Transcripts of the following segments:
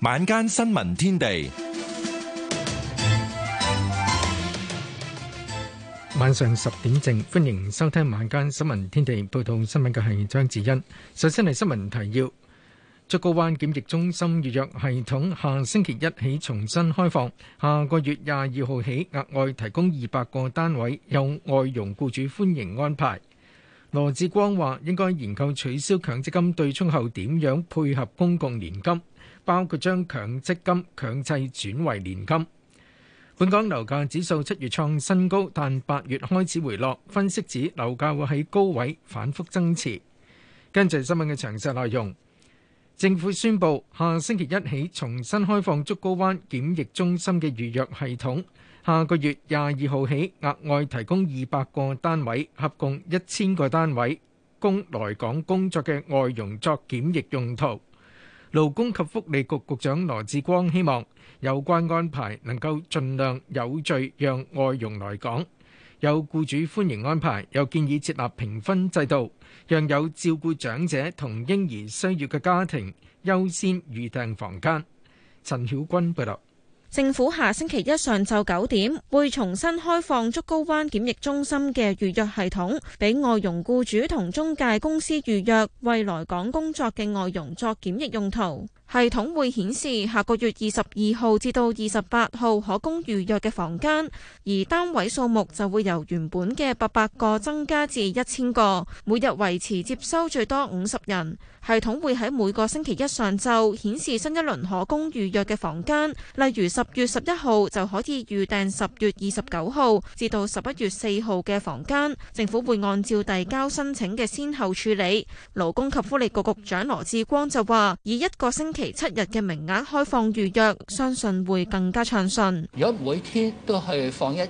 晚間新聞天地，晚上十點正，歡迎收聽晚間新聞天地。報道新聞嘅係張志欣。首先係新聞提要：竹篙灣檢疫中心預約系統下星期一起重新開放，下個月廿二號起額外提供二百個單位，有外傭僱主歡迎安排。羅志光話應該研究取消強積金對沖後點樣配合公共年金。包括將強積金強制轉為年金。本港樓價指數七月創新高，但八月開始回落。分析指樓價會喺高位反覆爭持。跟住新聞嘅詳細內容，政府宣布下星期一起重新開放竹篙灣檢疫中心嘅預約系統。下個月廿二號起，額外提供二百個單位，合共一千個單位，供來港工作嘅外傭作檢疫用途。勞工及福利局局長羅志光希望有關安排能夠盡量有序，讓外傭來港。有僱主歡迎安排，又建議設立評分制度，讓有照顧長者同嬰兒需要嘅家庭優先預訂房間。陳曉君報道。政府下星期一上晝九點會重新開放竹篙灣檢疫中心嘅預約系統，俾外傭僱主同中介公司預約未來港工作嘅外傭作檢疫用途。系統會顯示下個月二十二號至到二十八號可供預約嘅房間，而單位數目就會由原本嘅八百個增加至一千個，每日維持接收最多五十人。系統會喺每個星期一上晝顯示新一輪可供預約嘅房間，例如十月十一號就可以預訂十月二十九號至到十一月四號嘅房間。政府會按照遞交申請嘅先後處理。勞工及福利局局長羅致光就話：以一個星期。其七日嘅名額開放預約，相信會更加暢順。如果每天都去放一日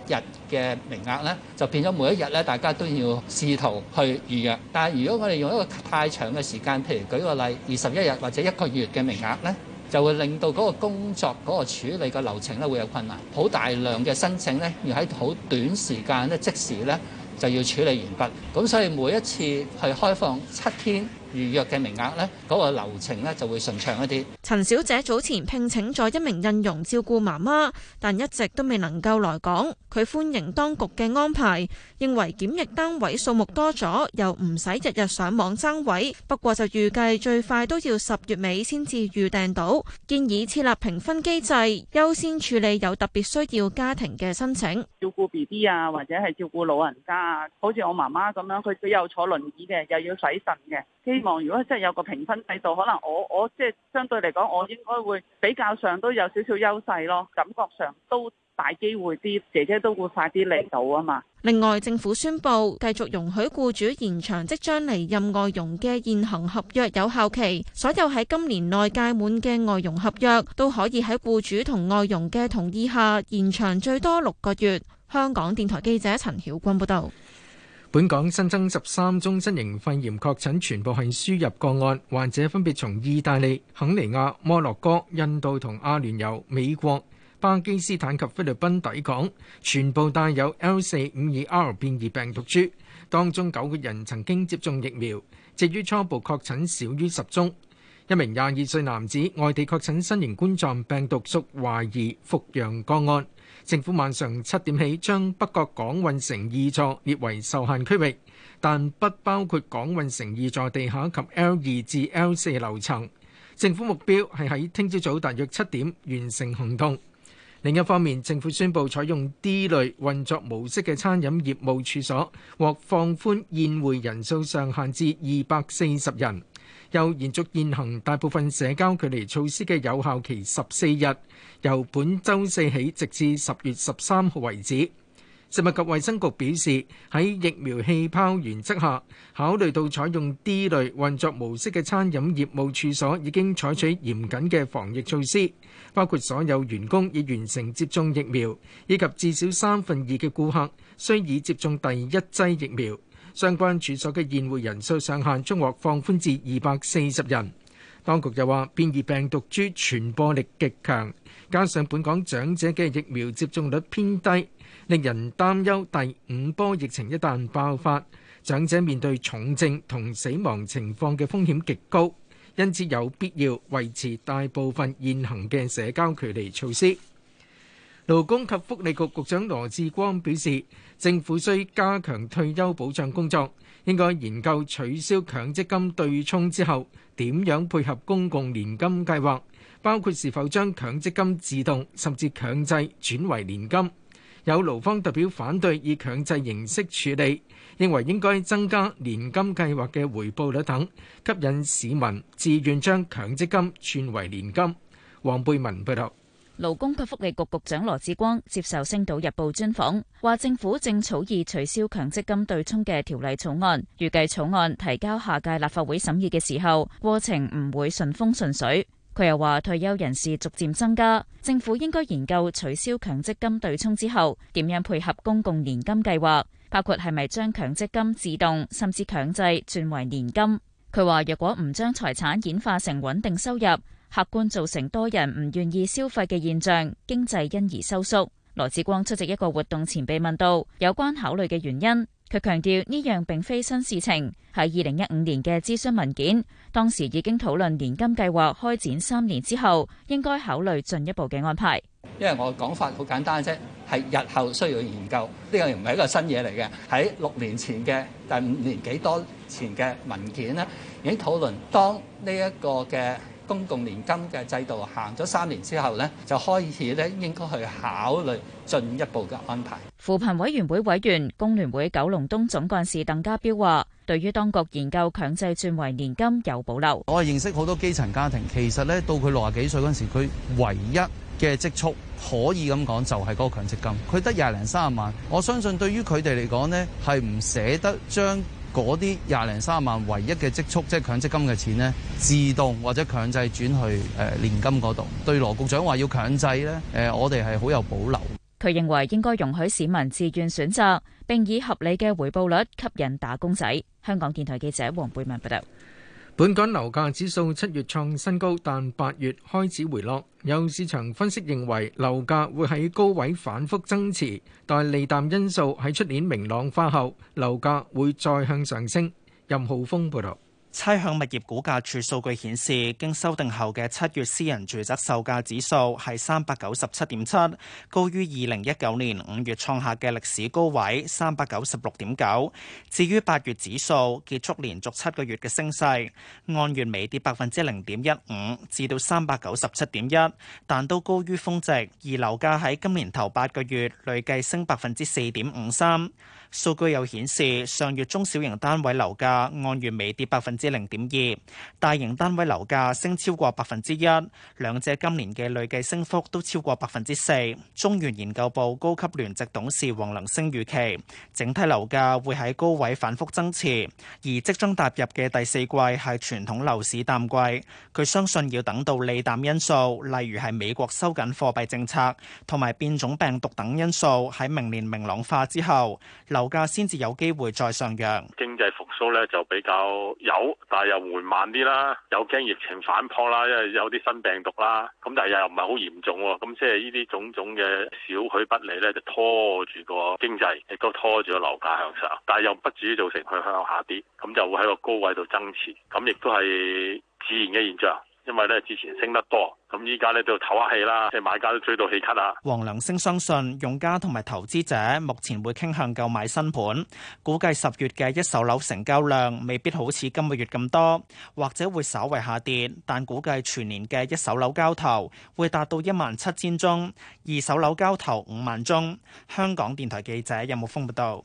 嘅名額咧，就變咗每一日咧，大家都要試圖去預約。但係如果我哋用一個太長嘅時間，譬如舉個例二十一日或者一個月嘅名額咧，就會令到嗰個工作嗰個處理嘅流程咧會有困難。好大量嘅申請咧，要喺好短時間咧，即時咧就要處理完畢。咁所以每一次去開放七天。預約嘅名額呢，嗰個流程呢就會順暢一啲。陳小姐早前聘請咗一名印傭照顧媽媽，但一直都未能夠來港。佢歡迎當局嘅安排，認為檢疫單位數目多咗，又唔使日日上網爭位。不過就預計最快都要十月尾先至預訂到。建議設立評分機制，優先處理有特別需要家庭嘅申請，照顧 BB 啊，或者係照顧老人家啊，好似我媽媽咁樣，佢佢又坐輪椅嘅，又要洗腎嘅。望如果真係有個評分制度，可能我我即係相對嚟講，我應該會比較上都有少少優勢咯，感覺上都大機會啲姐姐都會快啲嚟到啊嘛。另外，政府宣布繼續容許僱主延長即將離任外傭嘅現行合約有效期，所有喺今年內屆滿嘅外傭合約都可以喺僱主同外傭嘅同意下延長最多六個月。香港電台記者陳曉君報道。本港新增十三宗新型肺炎確診，全部係輸入個案，患者分別從意大利、肯尼亞、摩洛哥、印度同阿聯酋、美國、巴基斯坦及菲律賓抵港，全部帶有 L 四五二 R 變異病毒株，當中九個人曾經接種疫苗，至於初步確診少於十宗，一名廿二歲男子外地確診新型冠狀病毒屬懷疑復陽個案。政府晚上七點起將北角港運城二座列為受限區域，但不包括港運城二座地下及 L 二至 L 四樓層。政府目標係喺聽朝早大約七點完成行動。另一方面，政府宣布採用 D 類運作模式嘅餐飲業務處所，獲放寬宴會人數上限至二百四十人。又延續現行大部分社交距離措施嘅有效期十四日，由本周四起直至十月十三號為止。食物及衛生局表示，喺疫苗氣泡原則下，考慮到採用 D 類運作模式嘅餐飲業務處所已經採取嚴謹嘅防疫措施，包括所有員工已完成接種疫苗，以及至少三分二嘅顧客需已接種第一劑疫苗。相關處所嘅宴會人數上限，將獲放寬至二百四十人。當局又話，變異病毒株傳播力極強，加上本港長者嘅疫苗接種率偏低，令人擔憂第五波疫情一旦爆發，長者面對重症同死亡情況嘅風險極高，因此有必要維持大部分現行嘅社交距離措施。勞工及福利局局長羅致光表示，政府需加強退休保障工作，應該研究取消強積金對沖之後點樣配合公共年金計劃，包括是否將強積金自動甚至強制轉為年金。有勞方代表反對以強制形式處理，認為應該增加年金計劃嘅回報率等，吸引市民自願將強積金轉為年金。黃貝文配合。勞工及福利局局長羅致光接受星島日報專訪，話政府正草擬取消強積金對沖嘅條例草案，預計草案提交下屆立法會審議嘅時候，過程唔會順風順水。佢又話退休人士逐漸增加，政府應該研究取消強積金對沖之後點樣配合公共年金計劃，包括係咪將強積金自動甚至強制轉為年金。佢話若果唔將財產演化成穩定收入。客觀造成多人唔願意消費嘅現象，經濟因而收縮。羅志光出席一個活動前被問到有關考慮嘅原因，佢強調呢樣並非新事情，喺二零一五年嘅諮詢文件，當時已經討論年金計劃開展三年之後應該考慮進一步嘅安排。因為我講法好簡單啫，係日後需要研究呢樣唔係一個新嘢嚟嘅。喺六年前嘅第五年幾多前嘅文件呢，已經討論當呢一個嘅。公共年金嘅制度行咗三年之後咧，就開始咧，應該去考慮進一步嘅安排。扶貧委員會委員工聯會九龍東總幹事鄧家彪話，對於當局研究強制轉為年金有保留。我係認識好多基層家庭，其實咧到佢六啊幾歲嗰陣時，佢唯一嘅積蓄可以咁講，就係嗰個強積金，佢得廿零三十萬，我相信對於佢哋嚟講咧，係唔捨得將。嗰啲廿零三萬唯一嘅積蓄，即係強積金嘅錢呢，自動或者強制轉去誒年金嗰度。對羅局長話要強制呢，誒我哋係好有保留。佢認為應該容許市民自願選擇，並以合理嘅回報率吸引打工仔。香港電台記者黃貝文報道。本港樓價指數七月創新高，但八月開始回落。有市場分析認為樓價會喺高位反覆增持，但利淡因素喺出年明朗化後，樓價會再向上升。任浩峰報道。差餉物業估價處數據顯示，經修訂後嘅七月私人住宅售價指數係三百九十七點七，高於二零一九年五月創下嘅歷史高位三百九十六點九。至於八月指數結束連續七個月嘅升勢，按月微跌百分之零點一五，至到三百九十七點一，但都高於峰值。而樓價喺今年頭八個月累計升百分之四點五三。數據又顯示，上月中小型單位樓價按月微跌百分之零點二，大型單位樓價升超過百分之一，兩者今年嘅累計升幅都超過百分之四。中原研究部高級聯席董事黃能升預期，整體樓價會喺高位反覆增持，而即將踏入嘅第四季係傳統樓市淡季。佢相信要等到利淡因素，例如係美國收緊貨幣政策同埋變種病毒等因素喺明年明朗化之後，樓價先至有機會再上揚，經濟復甦咧就比較有，但係又緩慢啲啦，又驚疫情反撲啦，因為有啲新病毒啦，咁但係又唔係好嚴重，咁即係呢啲種種嘅少許不利咧，就拖住個經濟，亦都拖住個樓價向上，但係又不至於造成佢向下跌，咁就會喺個高位度增持，咁亦都係自然嘅現象。因為呢，之前升得多，咁依家呢，就唞下氣啦，即係買家都追到氣咳啊。黃良升相信，用家同埋投資者目前會傾向購買新盤，估計十月嘅一手樓成交量未必好似今個月咁多，或者會稍為下跌，但估計全年嘅一手樓交投會達到一萬七千宗，二手樓交投五萬宗。香港電台記者任木峰報道。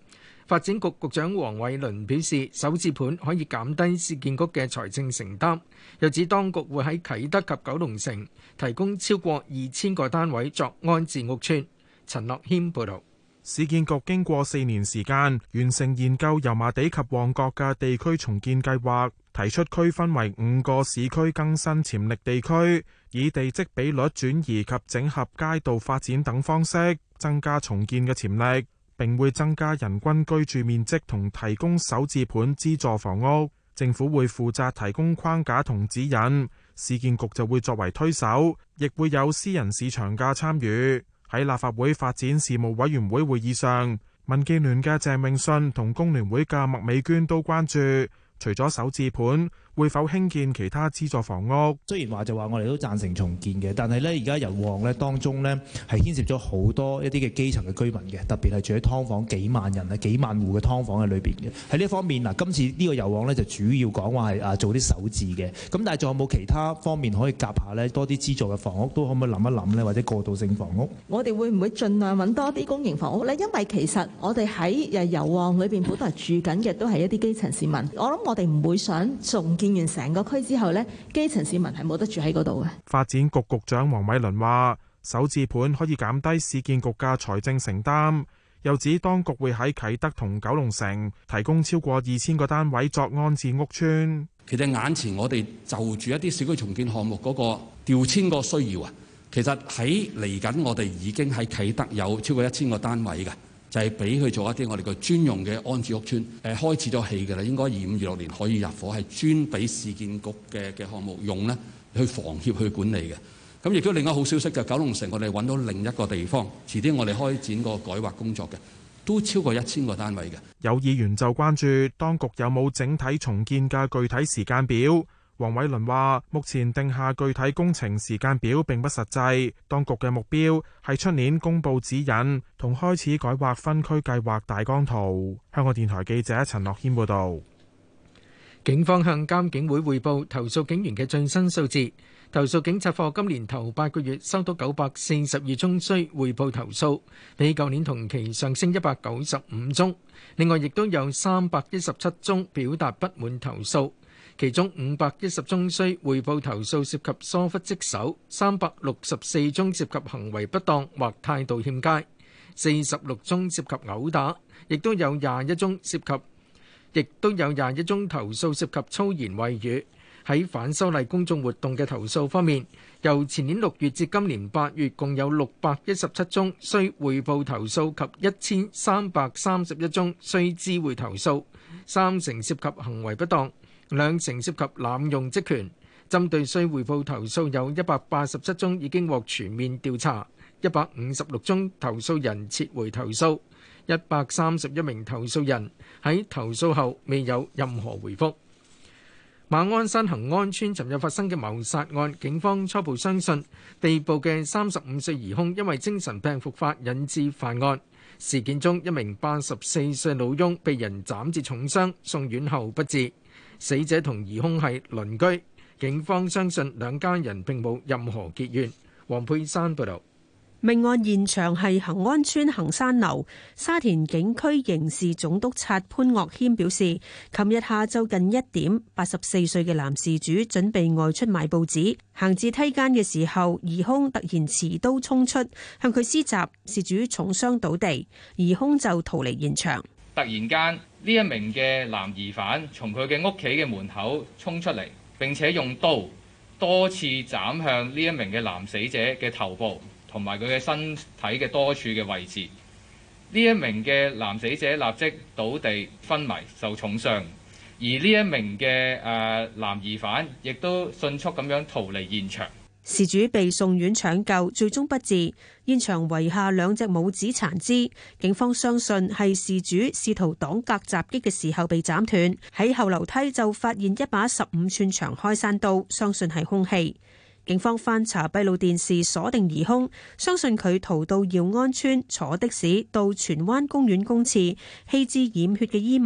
發展局局長黃偉綸表示，首置盤可以減低市建局嘅財政承擔。又指當局會喺啟德及九龍城提供超過二千個單位作安置屋邨。陳樂軒報導。市建局經過四年時間完成研究油麻地及旺角嘅地區重建計劃，提出區分為五個市區更新潛力地區，以地積比率轉移及整合街道發展等方式，增加重建嘅潛力。定會增加人均居住面積同提供首置盤資助房屋，政府會負責提供框架同指引，市建局就會作為推手，亦會有私人市場嘅參與。喺立法會發展事務委員會會議上，民建聯嘅鄭明信同工聯會嘅麥美娟都關注，除咗首置盤，會否興建其他資助房屋？雖然話就話我哋都贊成重建嘅，但係咧而家油旺咧當中咧係牽涉咗好多一啲嘅基層嘅居民嘅，特別係住喺劏房幾萬人啊幾萬戶嘅劏房喺裏邊嘅。喺呢一方面嗱，今次呢個油旺咧就主要講話係啊做啲首置嘅，咁但係仲有冇其他方面可以夾下咧？多啲資助嘅房屋都可唔可以諗一諗咧？或者過渡性房屋？我哋會唔會盡量揾多啲公營房屋咧？因為其實我哋喺誒油旺裏邊本來住緊嘅都係一啲基層市民，我諗我哋唔會想重。建完成個區之後呢，基層市民係冇得住喺嗰度嘅。發展局局長黃偉綸話，首置盤可以減低市建局嘅財政承擔，又指當局會喺啟德同九龍城提供超過二千個單位作安置屋邨。其實眼前我哋就住一啲小區重建項目嗰個調遷個需要啊，其實喺嚟緊我哋已經喺啟德有超過一千個單位嘅。就係俾佢做一啲我哋個專用嘅安置屋邨，誒開始咗起㗎啦，應該二五二六年可以入伙，係專俾市建局嘅嘅項目用呢，去房協去管理嘅。咁亦都另一好消息嘅，九龍城我哋揾到另一個地方，遲啲我哋開展個改劃工作嘅，都超過一千個單位嘅。有議員就關注當局有冇整體重建嘅具體時間表。黃偉倫話：目前定下具體工程時間表並不實際，當局嘅目標係出年公布指引同開始改劃分區計劃大綱圖。香港電台記者陳樂謙報道。警方向監警會匯報投訴警員嘅最新數字，投訴警察課今年頭八個月收到九百四十二宗需匯報投訴，比舊年同期上升一百九十五宗。另外，亦都有三百一十七宗表達不滿投訴。其中五百一十宗需匯報投訴涉及疏忽職守，三百六十四宗涉及行為不當或態度欠佳，四十六宗涉及毆打，亦都有廿一宗涉及，亦都有廿一宗投訴涉及粗言穢語。喺反修例公眾活動嘅投訴方面，由前年六月至今年八月，共有六百一十七宗需匯報投訴及一千三百三十一宗需知會投訴，三成涉及行為不當。兩成涉及濫用職權，針對須匯報投訴有一百八十七宗已經獲全面調查，一百五十六宗投訴人撤回投訴，一百三十一名投訴人喺投訴後未有任何回覆。馬鞍山恆安村尋日發生嘅謀殺案，警方初步相信被捕嘅三十五歲疑兇因為精神病復發引致犯案。事件中一名八十四歲老翁被人斬至重傷，送院後不治。死者同疑兇係鄰居，警方相信兩家人並冇任何結怨。黃佩珊報導，命案現場係恒安邨、恒山樓。沙田警區刑事總督察潘岳軒表示，琴日下晝近一點，八十四歲嘅男事主準備外出買報紙，行至梯間嘅時候，疑兇突然持刀衝出，向佢施襲，事主重傷倒地，疑兇就逃離現場，突然間。呢一名嘅男疑犯，從佢嘅屋企嘅門口衝出嚟，並且用刀多次斬向呢一名嘅男死者嘅頭部同埋佢嘅身體嘅多處嘅位置。呢一名嘅男死者立即倒地昏迷，受重傷，而呢一名嘅誒、呃、男疑犯亦都迅速咁樣逃離現場。事主被送院搶救，最終不治。現場遺下兩隻拇指殘肢，警方相信係事主試圖擋格襲擊嘅時候被斬斷。喺後樓梯就發現一把十五寸長開山刀，相信係凶器。警方翻查閉路電視鎖定疑凶，相信佢逃到耀安邨，坐的士到荃灣公園公廁，棄置染血嘅衣物，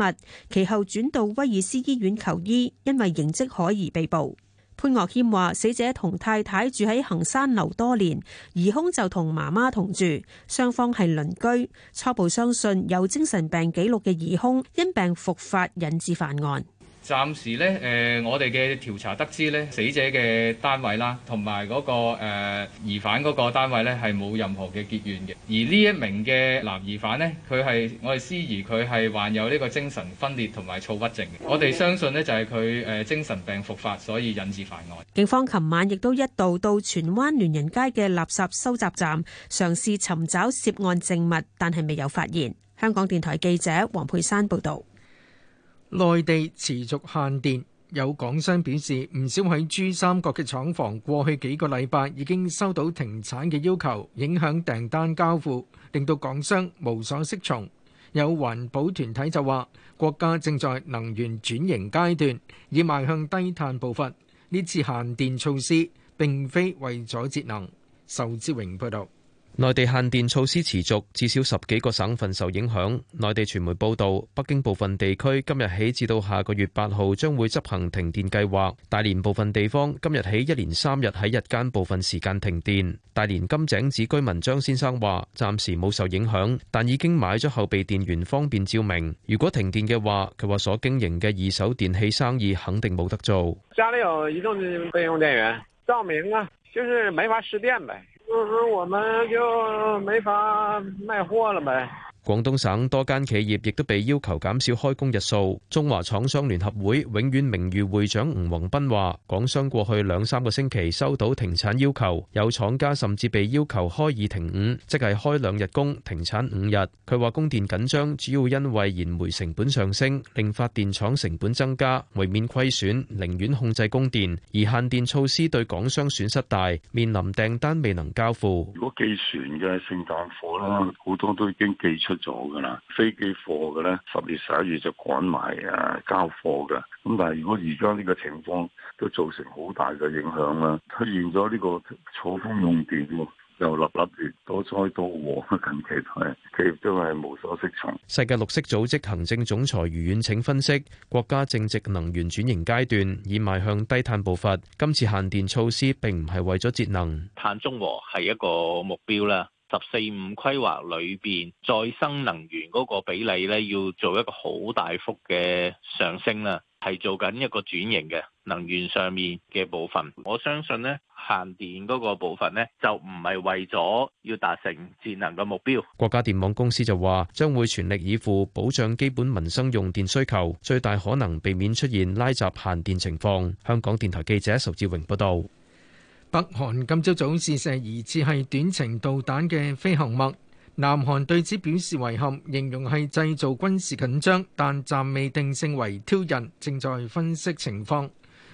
其後轉到威爾斯醫院求醫，因為形迹可疑被捕。潘岳謙話：死者同太太住喺恒山樓多年，疑兇就同媽媽同住，雙方係鄰居。初步相信有精神病記錄嘅疑兇因病復發引致犯案。暫時呢誒、呃、我哋嘅調查得知呢死者嘅單位啦，同埋嗰個、呃、疑犯嗰個單位呢係冇任何嘅結怨嘅。而呢一名嘅男疑犯呢佢係我哋猜疑佢係患有呢個精神分裂同埋躁鬱症嘅。我哋相信呢就係、是、佢、呃、精神病復發，所以引致犯案。警方琴晚亦都一度到荃灣聯仁街嘅垃圾收集站，嘗試尋找涉案證物，但係未有發現。香港電台記者黃佩珊報道。內地持續限電，有港商表示，唔少喺珠三角嘅廠房過去幾個禮拜已經收到停產嘅要求，影響訂單交付，令到港商無所適從。有環保團體就話，國家正在能源轉型階段，已邁向低碳步伐。呢次限電措施並非為咗節能。仇志榮報道。內地限電措施持續，至少十幾個省份受影響。內地傳媒報道，北京部分地區今日起至到下個月八號將會執行停電計劃。大連部分地方今日起一連三日喺日間部分時間停電。大連金井子居民張先生話：暫時冇受影響，但已經買咗後備電源方便照明。如果停電嘅話，佢話所經營嘅二手電器生意肯定冇得做。家裏有移動備用電源，照明啊，就是沒法試電唄。就是我們就沒法賣貨了唄。廣東省多間企業亦都被要求減少開工日數。中華廠商聯合會永遠名譽會長吳宏斌話，港商過去兩三個星期收到停產要求，有廠家甚至被要求開二停五，即係開兩日工，停產五日。佢話供電緊張，主要因為燃煤成本上升，令發電廠成本增加，為免虧損，寧願控制供電。而限電措施對港商損失大，面臨訂單未能交付。如果寄船嘅聖誕貨，好多都已經寄出。做噶啦，飛機貨嘅咧，十月十一月就趕埋啊交貨嘅。咁但係如果而家呢個情況都造成好大嘅影響啦，出現咗呢個錯峰用電，又粒粒住多災多禍。近期係企業都係無所適從。世界綠色組織行政總裁余遠清分析，國家正值能源轉型階段，已邁向低碳步伐。今次限電措施並唔係為咗節能，碳中和係一個目標啦。十四五規劃裏邊再生能源嗰個比例咧，要做一個好大幅嘅上升啦，係做緊一個轉型嘅能源上面嘅部分。我相信咧，限電嗰個部分咧，就唔係為咗要達成節能嘅目標。國家電網公司就話，將會全力以赴保障基本民生用電需求，最大可能避免出現拉閘限電情況。香港電台記者仇志榮報道。北韓今朝早試射疑似係短程導彈嘅飛行物，南韓對此表示遺憾，形容係製造軍事緊張，但暫未定性為挑釁，正在分析情況。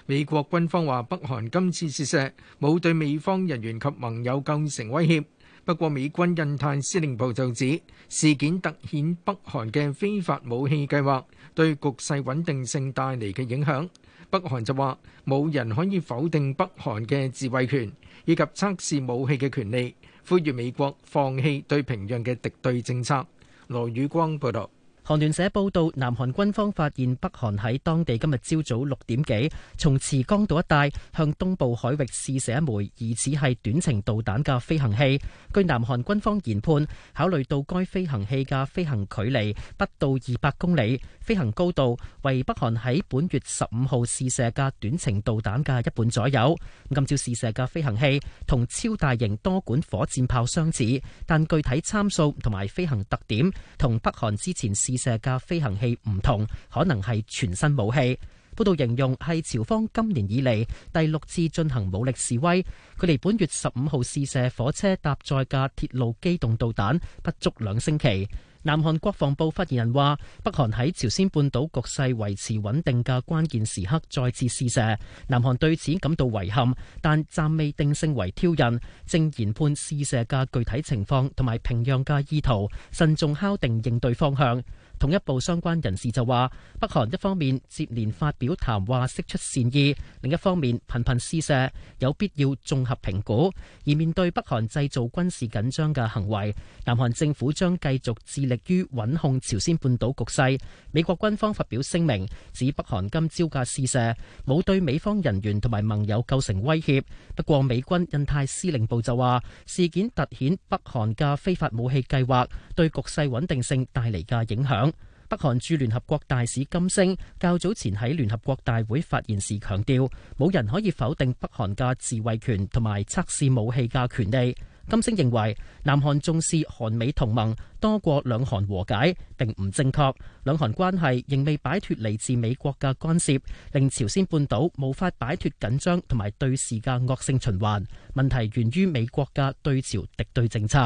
美國軍方話北韓今次試射冇對美方人員及盟友構成威脅，不過美軍印太司令部就指事件突顯北韓嘅非法武器計劃對局勢穩定性帶嚟嘅影響。北韓就話：冇人可以否定北韓嘅自衛權以及測試武器嘅權利，呼籲美國放棄對平壤嘅敵對政策。羅宇光報道。韓聯社報道，南韓軍方發現北韓喺當地今日朝早六點幾，從慈江道一帶向東部海域試射一枚疑似係短程導彈嘅飛行器。據南韓軍方研判，考慮到該飛行器嘅飛行距離不到二百公里，飛行高度為北韓喺本月十五號試射嘅短程導彈嘅一半左右。今朝試射嘅飛行器同超大型多管火箭炮相似，但具體參數同埋飛行特點同北韓之前試試射嘅飛行器唔同，可能係全新武器。報道形容係朝方今年以嚟第六次進行武力示威。距離本月十五號試射火車搭載嘅鐵路機動導彈，不足兩星期。南韓國防部發言人話：北韓喺朝鮮半島局勢維持穩定嘅關鍵時刻再次試射，南韓對此感到遺憾，但暫未定性為挑釁，正研判試射嘅具體情況同埋平壤嘅意圖，慎重敲定應對方向。統一部相關人士就話，北韓一方面接連發表談話釋出善意，另一方面頻頻試射，有必要綜合評估。而面對北韓製造軍事緊張嘅行為，南韓政府將繼續致力於穩控朝鮮半島局勢。美國軍方發表聲明，指北韓今朝嘅試射冇對美方人員同埋盟友構成威脅。不過，美軍印太司令部就話，事件凸顯北韓嘅非法武器計劃對局勢穩定性帶嚟嘅影響。北韓駐聯合國大使金星較早前喺聯合國大會發言時強調，冇人可以否定北韓嘅自衛權同埋測試武器嘅權利。金星認為，南韓重視韓美同盟多過兩韓和解並唔正確。兩韓關係仍未擺脱嚟自美國嘅干涉，令朝鮮半島無法擺脱緊張同埋對峙嘅惡性循環。問題源於美國嘅對朝敵對政策。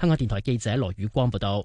香港電台記者羅宇光報道。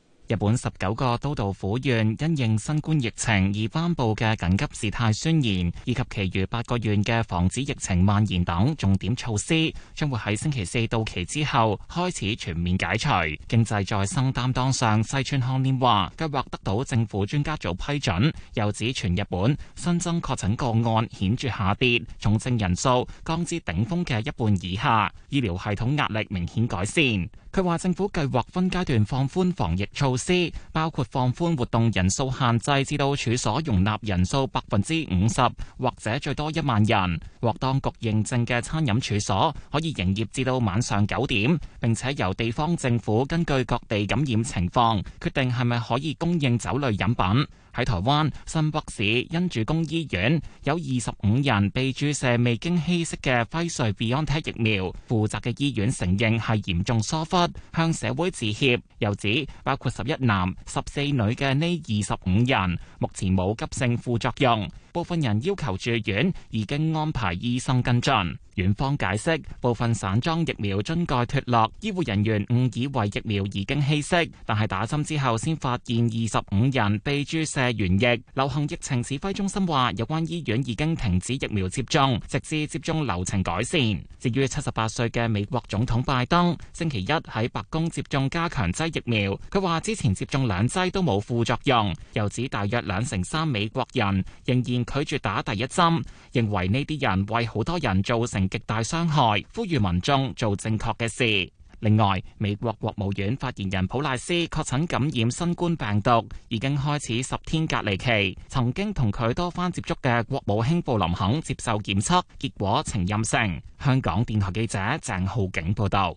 日本十九個都道府縣因應新冠疫情而頒布嘅緊急事態宣言，以及其餘八個縣嘅防止疫情蔓延等重點措施，將會喺星期四到期之後開始全面解除。經濟再生擔當上西村康稔話，計劃得到政府專家組批准，又指全日本新增確診個案顯著下跌，重症人數降至頂峰嘅一半以下，醫療系統壓力明顯改善。佢話政府計劃分階段放寬防疫措施。司包括放寬活動人數限制，至到處所容納人數百分之五十，或者最多一萬人。獲當局認證嘅餐飲處所可以營業至到晚上九點。並且由地方政府根據各地感染情況，決定係咪可以供應酒類飲品。喺台灣新北市恩主公醫院有二十五人被注射未經稀釋嘅輝瑞 BNT 疫苗，負責嘅醫院承認係嚴重疏忽，向社會致歉。又指包括十一一男十四女嘅呢二十五人，目前冇急性副作用，部分人要求住院，已經安排醫生跟進。院方解釋，部分散裝疫苗樽蓋脫落，醫護人員誤以為疫苗已經稀釋，但係打針之後先發現二十五人被注射原液。流行疫情指揮中心話，有關醫院已經停止疫苗接種，直至接種流程改善。至於七十八歲嘅美國總統拜登，星期一喺白宮接種加強劑疫苗，佢話之前接種兩劑都冇副作用，又指大約兩成三美國人仍然拒絕打第一針，認為呢啲人為好多人造成極大傷害，呼籲民眾做正確嘅事。另外，美國國務院發言人普賴斯確診感染新冠病毒，已經開始十天隔離期。曾經同佢多番接觸嘅國務卿布林肯接受檢測，結果呈陰性。香港電台記者鄭浩景報道。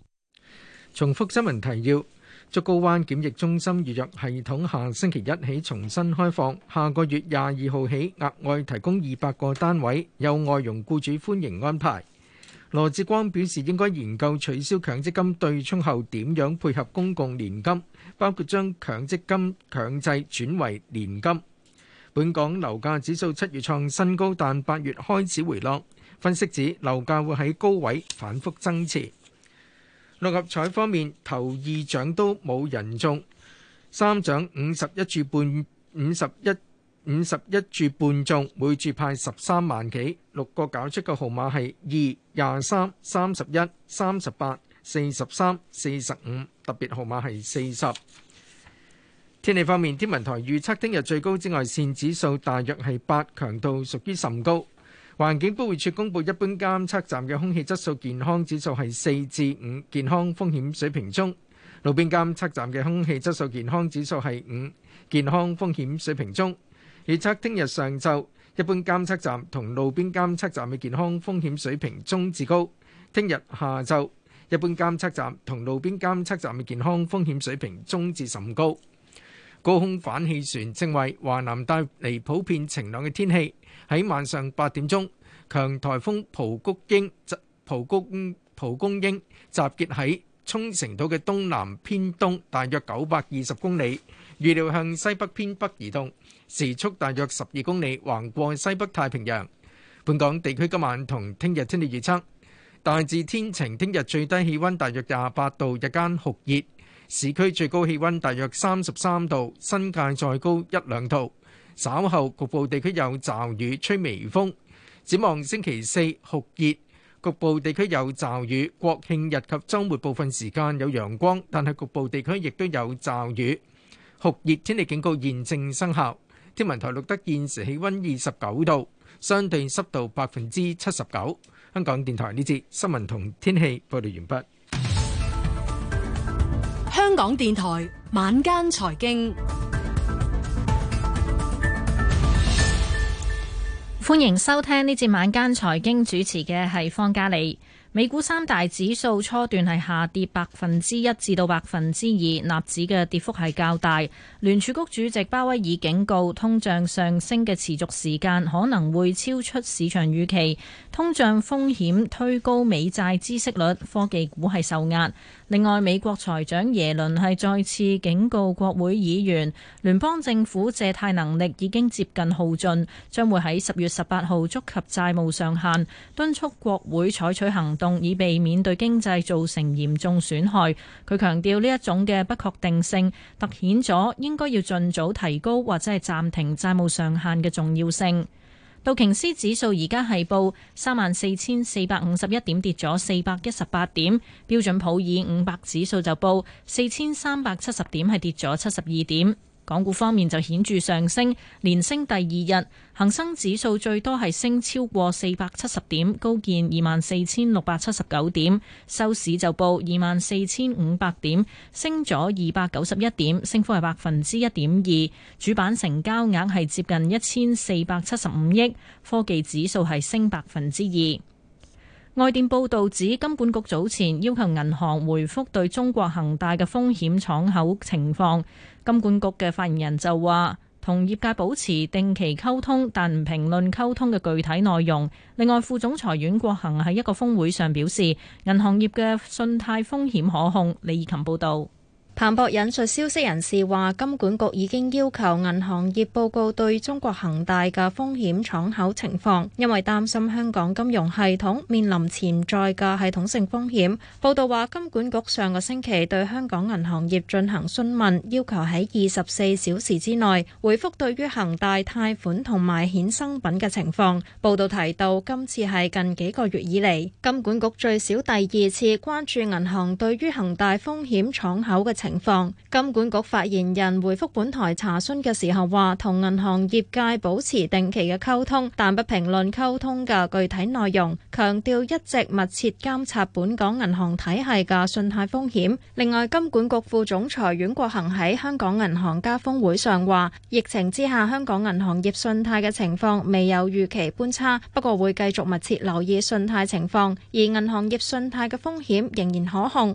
重複新聞提要：竹篙灣檢疫中心預約系統下星期一起重新開放，下個月廿二號起額外提供二百個單位，有外傭雇主歡迎安排。羅志光表示，應該研究取消強積金對沖後點樣配合公共年金，包括將強積金強制轉為年金。本港樓價指數七月創新高，但八月開始回落。分析指樓價會喺高位反覆爭持。六合彩方面，頭二獎都冇人中，三獎五十一注半，五十一五十一注半中，每注派十三萬幾。六個攪出嘅號碼係二。廿三、三十一、三十八、四十三、四十五，特別號碼係四十。天氣方面，天文台預測聽日最高紫外線指數大約係八，強度屬於甚高。環境保護署公布一般監測站嘅空氣質素健康指數係四至五，健康風險水平中；路邊監測站嘅空氣質素健康指數係五，健康風險水平中。預測聽日上晝。一般監測站同路邊監測站嘅健康風險水平中至高。聽日下晝，一般監測站同路邊監測站嘅健康風險水平中至甚高。高空反氣旋正為華南帶嚟普遍晴朗嘅天氣。喺晚上八點鐘，強颱風蒲公英、蒲公蒲公英集結喺沖繩島嘅東南偏東，大約九百二十公里，預料向西北偏北移動，時速大約十二公里，橫過西北太平洋。本港地區今晚同聽日天氣預測，大致天晴。聽日最低氣温大約廿八度，日間酷熱，市區最高氣温大約三十三度，新界再高一兩度。稍後局部地區有驟雨，吹微風。展望星期四酷熱，局部地區有驟雨。國慶日及周末部分時間有陽光，但係局部地區亦都有驟雨。酷熱天氣警告現正生效。天文台錄得現時氣溫二十九度，相對濕度百分之七十九。香港電台呢節新聞同天氣報道完畢。香港電台晚間財經，歡迎收聽呢節晚間財經，主持嘅係方嘉里。美股三大指數初段係下跌百分之一至到百分之二，納指嘅跌幅係較大。聯儲局主席鮑威爾警告，通脹上升嘅持續時間可能會超出市場預期，通脹風險推高美債孳息率，科技股係受壓，另外，美國財長耶倫係再次警告國會議員，聯邦政府借貸能力已經接近耗盡，將會喺十月十八號觸及債務上限，敦促國會採取行動。以避免對經濟造成嚴重損害，佢強調呢一種嘅不確定性，凸顯咗應該要盡早提高或者係暫停債務上限嘅重要性。道瓊斯指數而家係報三萬四千四百五十一點，跌咗四百一十八點；標準普爾五百指數就報四千三百七十點，係跌咗七十二點。港股方面就顯著上升，連升第二日，恒生指數最多係升超過四百七十點，高見二萬四千六百七十九點，收市就報二萬四千五百點，升咗二百九十一點，升幅係百分之一點二。主板成交額係接近一千四百七十五億，科技指數係升百分之二。外電報道指，金管局早前要求銀行回覆對中國恒大嘅風險敞口情況，金管局嘅發言人就話同業界保持定期溝通，但唔評論溝通嘅具體內容。另外，副總裁阮國恒喺一個峰會上表示，銀行業嘅信貸風險可控。李怡琴報道。彭博引述消息人士話，金管局已經要求銀行業報告對中國恒大嘅風險敞口情況，因為擔心香港金融系統面臨潛在嘅系統性風險。報道話，金管局上個星期對香港銀行業進行詢問，要求喺二十四小時之內回覆對於恒大貸款同埋衍生品嘅情況。報道提到，今次係近幾個月以嚟金管局最少第二次關注銀行對於恒大風險敞口嘅。情況，金管局發言人回覆本台查詢嘅時候話，同銀行業界保持定期嘅溝通，但不評論溝通嘅具體內容，強調一直密切監察本港銀行體系嘅信貸風險。另外，金管局副總裁阮國恒喺香港銀行家峰會上話，疫情之下香港銀行業信貸嘅情況未有預期般差，不過會繼續密切留意信貸情況，而銀行業信貸嘅風險仍然可控。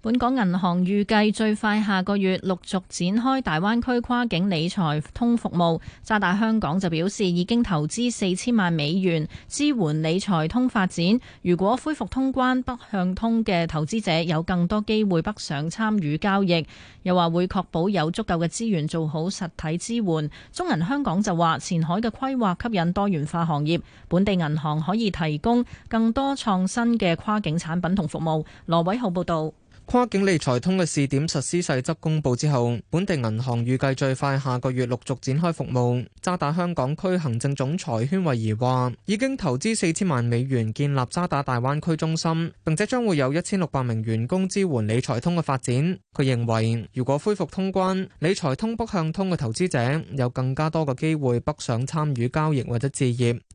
本港銀行預計最快下個月陸續展開大灣區跨境理財通服務，渣打香港就表示已經投資四千萬美元支援理財通發展。如果恢復通關，北向通嘅投資者有更多機會北上參與交易，又話會確保有足夠嘅資源做好實體支援。中銀香港就話前海嘅規劃吸引多元化行業，本地銀行可以提供更多創新嘅跨境產品同服務。羅偉浩報道。跨境理財通嘅試點實施細則公布之後，本地銀行預計最快下個月陸續展開服務。渣打香港區行政總裁禤惠儀話，已經投資四千萬美元建立渣打大灣區中心，並且將會有一千六百名員工支援理財通嘅發展。佢認為，如果恢復通關，理財通北向通嘅投資者有更加多嘅機會北上參與交易或者置業。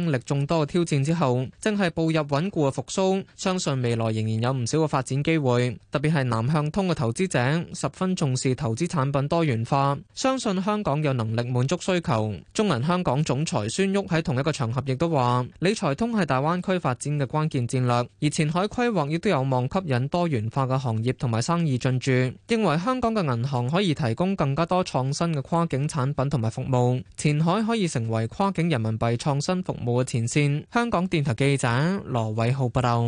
經歷眾多嘅挑戰之後，正係步入穩固嘅復蘇，相信未來仍然有唔少嘅發展機會。特別係南向通嘅投資者十分重視投資產品多元化，相信香港有能力滿足需求。中銀香港總裁孫旭喺同一個場合亦都話：理財通係大灣區發展嘅關鍵戰略，而前海規劃亦都有望吸引多元化嘅行業同埋生意進駐。認為香港嘅銀行可以提供更加多創新嘅跨境產品同埋服務，前海可以成為跨境人民幣創新服務。前線。香港電台記者羅偉浩報道，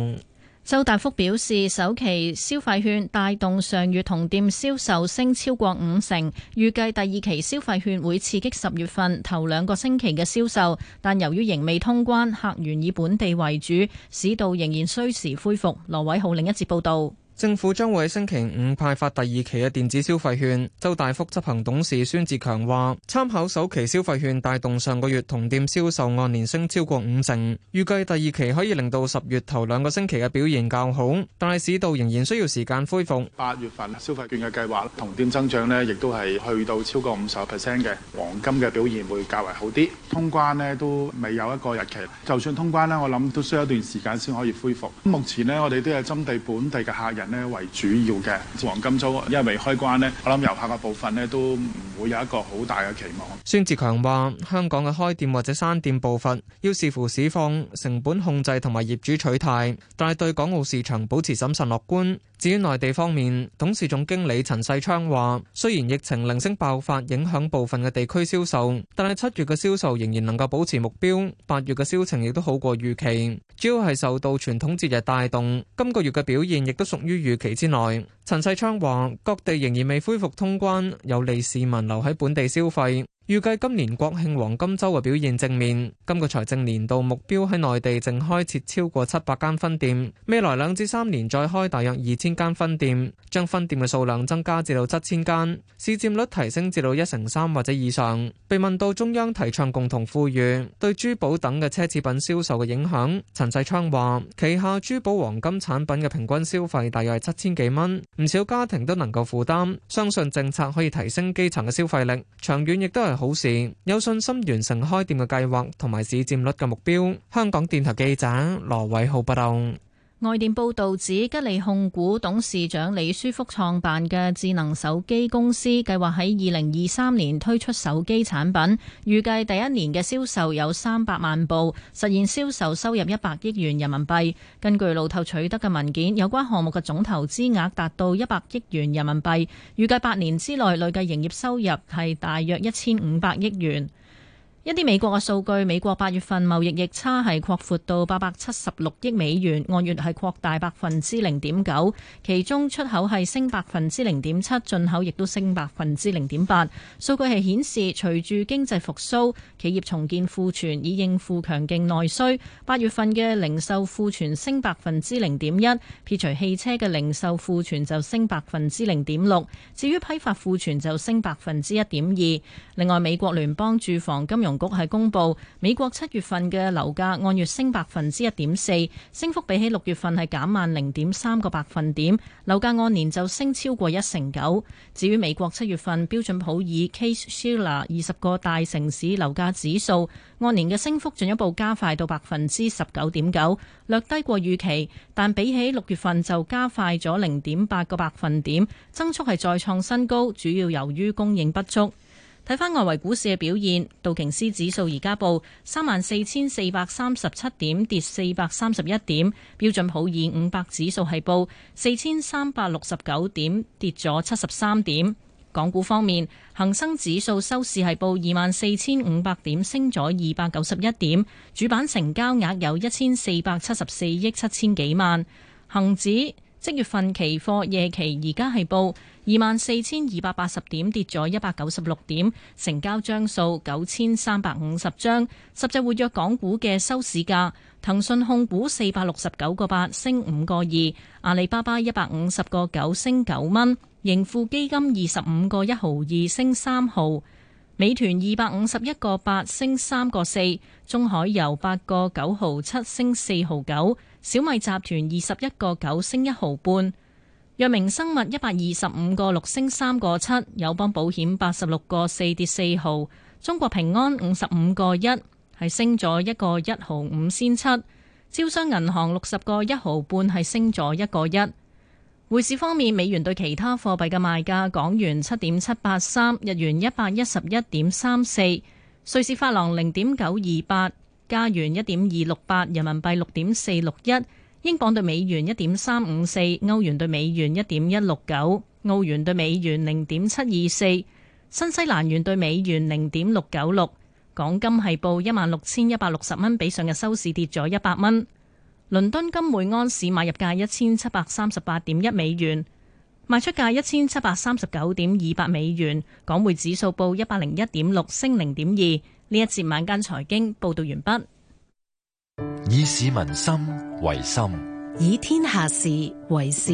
周大福表示首期消費券帶動上月同店銷售升超過五成，預計第二期消費券會刺激十月份頭兩個星期嘅銷售，但由於仍未通關，客源以本地為主，市道仍然需時恢復。羅偉浩另一節報道。政府將會喺星期五派發第二期嘅電子消費券。周大福執行董事孫志強話：參考首期消費券帶動上個月同店銷售按年升超過五成，預計第二期可以令到十月頭兩個星期嘅表現較好，但係市道仍然需要時間恢復。八月份消費券嘅計劃同店增長呢亦都係去到超過五十 percent 嘅黃金嘅表現會較為好啲。通關呢都未有一個日期，就算通關呢，我諗都需要一段時間先可以恢復。目前呢，我哋都係針對本地嘅客人。呢為主要嘅黃金周，因為未開關呢，我諗遊客嘅部分呢都唔會有一個好大嘅期望。孫志強話：香港嘅開店或者閂店步伐，要視乎市況、成本控制同埋業主取態，但係對港澳市場保持審慎樂觀。至於內地方面，董事總經理陳世昌話：雖然疫情零星爆發影響部分嘅地區銷售，但係七月嘅銷售仍然能夠保持目標，八月嘅銷情亦都好過預期，主要係受到傳統節日帶動。今個月嘅表現亦都屬於於預期之內。陳世昌話：各地仍然未恢復通關，有利市民留喺本地消費。預計今年國慶黃金周嘅表現正面。今個財政年度目標喺內地淨開設超過七百間分店，未來兩至三年再開大約二千間分店，將分店嘅數量增加至到七千間，市佔率提升至到一成三或者以上。被問到中央提倡共同富裕對珠寶等嘅奢侈品銷售嘅影響，陳世昌話：旗下珠寶黃金產品嘅平均消費大約係七千幾蚊，唔少家庭都能夠負擔，相信政策可以提升基層嘅消費力，長遠亦都係好事，有信心完成開店嘅計劃同埋市佔率嘅目標。香港電台記者羅偉浩報道。外電報道指，吉利控股董事長李書福創辦嘅智能手機公司計劃喺二零二三年推出手機產品，預計第一年嘅銷售有三百萬部，實現銷售收入一百億元人民幣。根據路透取得嘅文件，有關項目嘅總投資額達到一百億元人民幣，預計八年之內累計營業收入係大約一千五百億元。一啲美國嘅數據，美國八月份貿易逆差係擴闊到八百七十六億美元，按月係擴大百分之零點九，其中出口係升百分之零點七，進口亦都升百分之零點八。數據係顯示，隨住經濟復甦，企業重建庫存以應付強勁內需。八月份嘅零售庫存升百分之零點一，撇除汽車嘅零售庫存就升百分之零點六，至於批發庫存就升百分之一點二。另外，美國聯邦住房金融局係公布，美國七月份嘅樓價按月升百分之一點四，升幅比起六月份係減慢零點三個百分點，樓價按年就升超過一成九。至於美國七月份標準普爾 Case-Shiller 二十個大城市樓價指數按年嘅升幅進一步加快到百分之十九點九，略低過預期，但比起六月份就加快咗零點八個百分點，增速係再創新高，主要由於供應不足。睇翻外圍股市嘅表現，道瓊斯指數而家報三萬四千四百三十七點，跌四百三十一點；標準普爾五百指數係報四千三百六十九點，跌咗七十三點。港股方面，恒生指數收市係報二萬四千五百點，升咗二百九十一點，主板成交額有一千四百七十四億七千幾萬，恒指即月份期貨夜期而家係報二萬四千二百八十點，跌咗一百九十六點，成交張數九千三百五十張。十隻活躍港股嘅收市價：騰訊控股四百六十九個八，升五個二；阿里巴巴一百五十個九，升九蚊；盈富基金二十五個一毫二，升三毫；美團二百五十一個八，升三個四；中海油八個九毫七，升四毫九。小米集團二十一個九升一毫半，藥明生物一百二十五個六升三個七，友邦保險八十六個四跌四毫，中國平安五十五個一係升咗一個一毫五先七，招商銀行六十個一毫半係升咗一個一。匯市方面，美元對其他貨幣嘅賣價，港元七點七八三，日元一百一十一點三四，瑞士法郎零點九二八。加元1.268，人民幣6.461，英鎊對美元1.354，歐元對美元1.169，澳元對美元0.724，新西蘭元對美元0.696。港金係報16,160蚊，比上日收市跌咗一百蚊。倫敦金每安士買入價1,738.1美元，賣出價1,739.2百美元。港匯指數報101.6，升0.2。呢一次晚間財經報道完畢，以市民心為心，以天下事為事。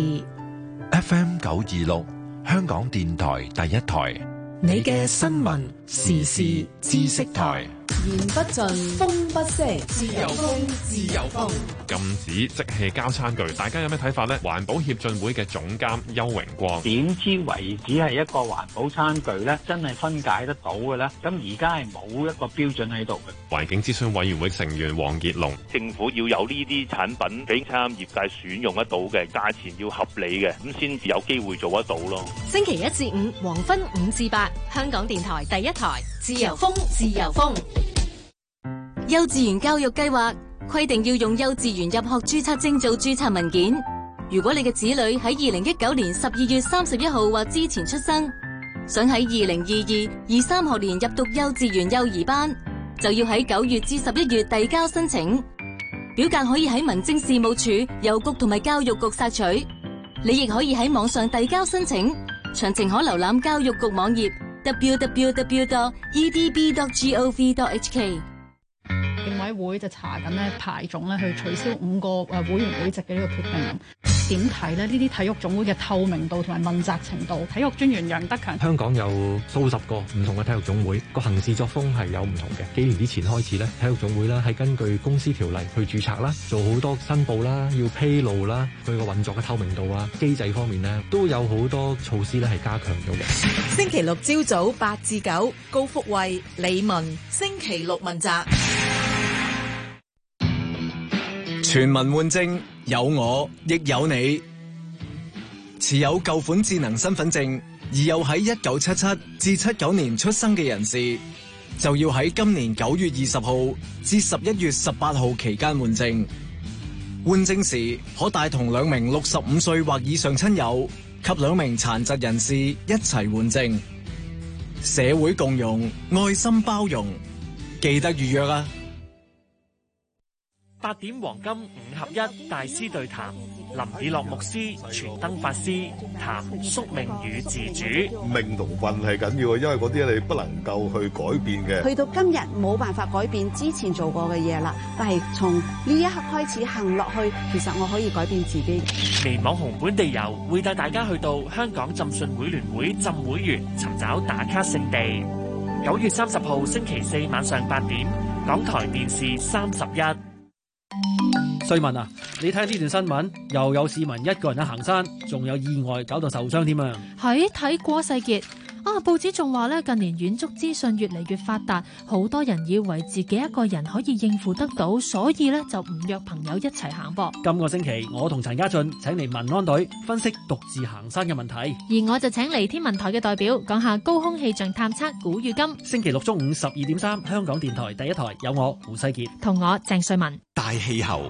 FM 九二六，香港電台第一台，你嘅新聞時事知識台。言不盡，風不息，自由風，自由風。禁止即棄交餐具，大家有咩睇法呢？環保協進會嘅總監邱榮光，點知為止係一個環保餐具呢，真係分解得到嘅呢？咁而家係冇一個標準喺度嘅。環境諮詢委員會成員黃傑龍，政府要有呢啲產品俾餐飲業界選用得到嘅，價錢要合理嘅，咁先至有機會做得到咯。星期一至五，黃昏五至八，香港電台第一台，自由風，自由風。幼稚園教育計劃規定要用幼稚園入學註冊證做註冊文件。如果你嘅子女喺二零一九年十二月三十一號或之前出生，想喺二零二二二三學年入讀幼稚園幼兒班，就要喺九月至十一月遞交申請。表格可以喺民政事務處郵局同埋教育局索取。你亦可以喺網上遞交申請，詳情可瀏覽教育局網頁 w w w e d b g o v h k。會就在查緊咧排總咧，去取消五個誒會員會籍嘅呢個決定。點睇咧？呢啲體育總會嘅透明度同埋問責程度？體育專員楊德強：香港有數十個唔同嘅體育總會，個行事作風係有唔同嘅。幾年之前開始咧，體育總會咧係根據公司條例去注冊啦，做好多申報啦，要披露啦，佢個運作嘅透明度啊，機制方面咧都有好多措施咧係加強咗嘅。星期六朝早八至九，高福慧、李文，星期六問責。全民換證，有我亦有你。持有舊款智能身份證而又喺一九七七至七九年出生嘅人士，就要喺今年九月二十號至十一月十八號期間換證。換證時可帶同兩名六十五歲或以上親友及兩名殘疾人士一齊換證。社會共融，愛心包容，記得預約啊！八點黃金五合一大師對談，林子樂牧師、全燈法師談宿命與自主。命同運係緊要，因為嗰啲你不能夠去改變嘅。去到今日冇辦法改變之前做過嘅嘢啦，但係從呢一刻開始行落去，其實我可以改變自己。微網紅本地遊會帶大家去到香港浸信會聯會浸會員尋找打卡勝地。九月三十號星期四晚上八點，港台電視三十一。瑞文啊，你睇呢段新聞，又有市民一個人喺行山，仲有意外搞到受傷添啊！係睇過世傑。報、哦、報紙仲話咧，近年遠足資訊越嚟越發達，好多人以為自己一個人可以應付得到，所以咧就唔約朋友一齊行噃。今個星期我同陳家俊請嚟民安隊分析獨自行山嘅問題，而我就請嚟天文台嘅代表講下高空氣象探測古與今。星期六中午十二點三，香港電台第一台有我胡世傑同我鄭瑞文大氣候。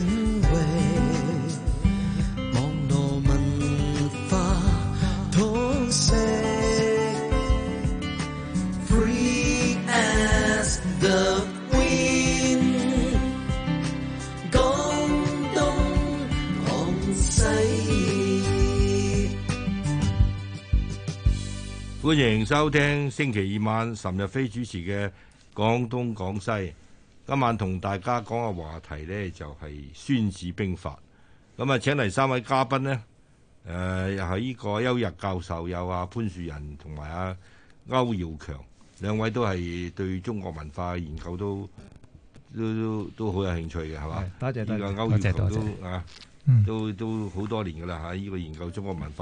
歡迎收聽星期二晚岑日飛主持嘅廣東廣西。今晚同大家講嘅話題咧就係、是《孫子兵法》。咁啊，請嚟三位嘉賓咧，誒、呃，又係呢個邱日教授，又阿、啊、潘樹仁同埋阿歐耀強，兩位都係對中國文化研究都都都都好有興趣嘅，係嘛？多謝多謝，呢個歐耀強都啊，都都好多年噶啦吓，呢、這個研究中國文化。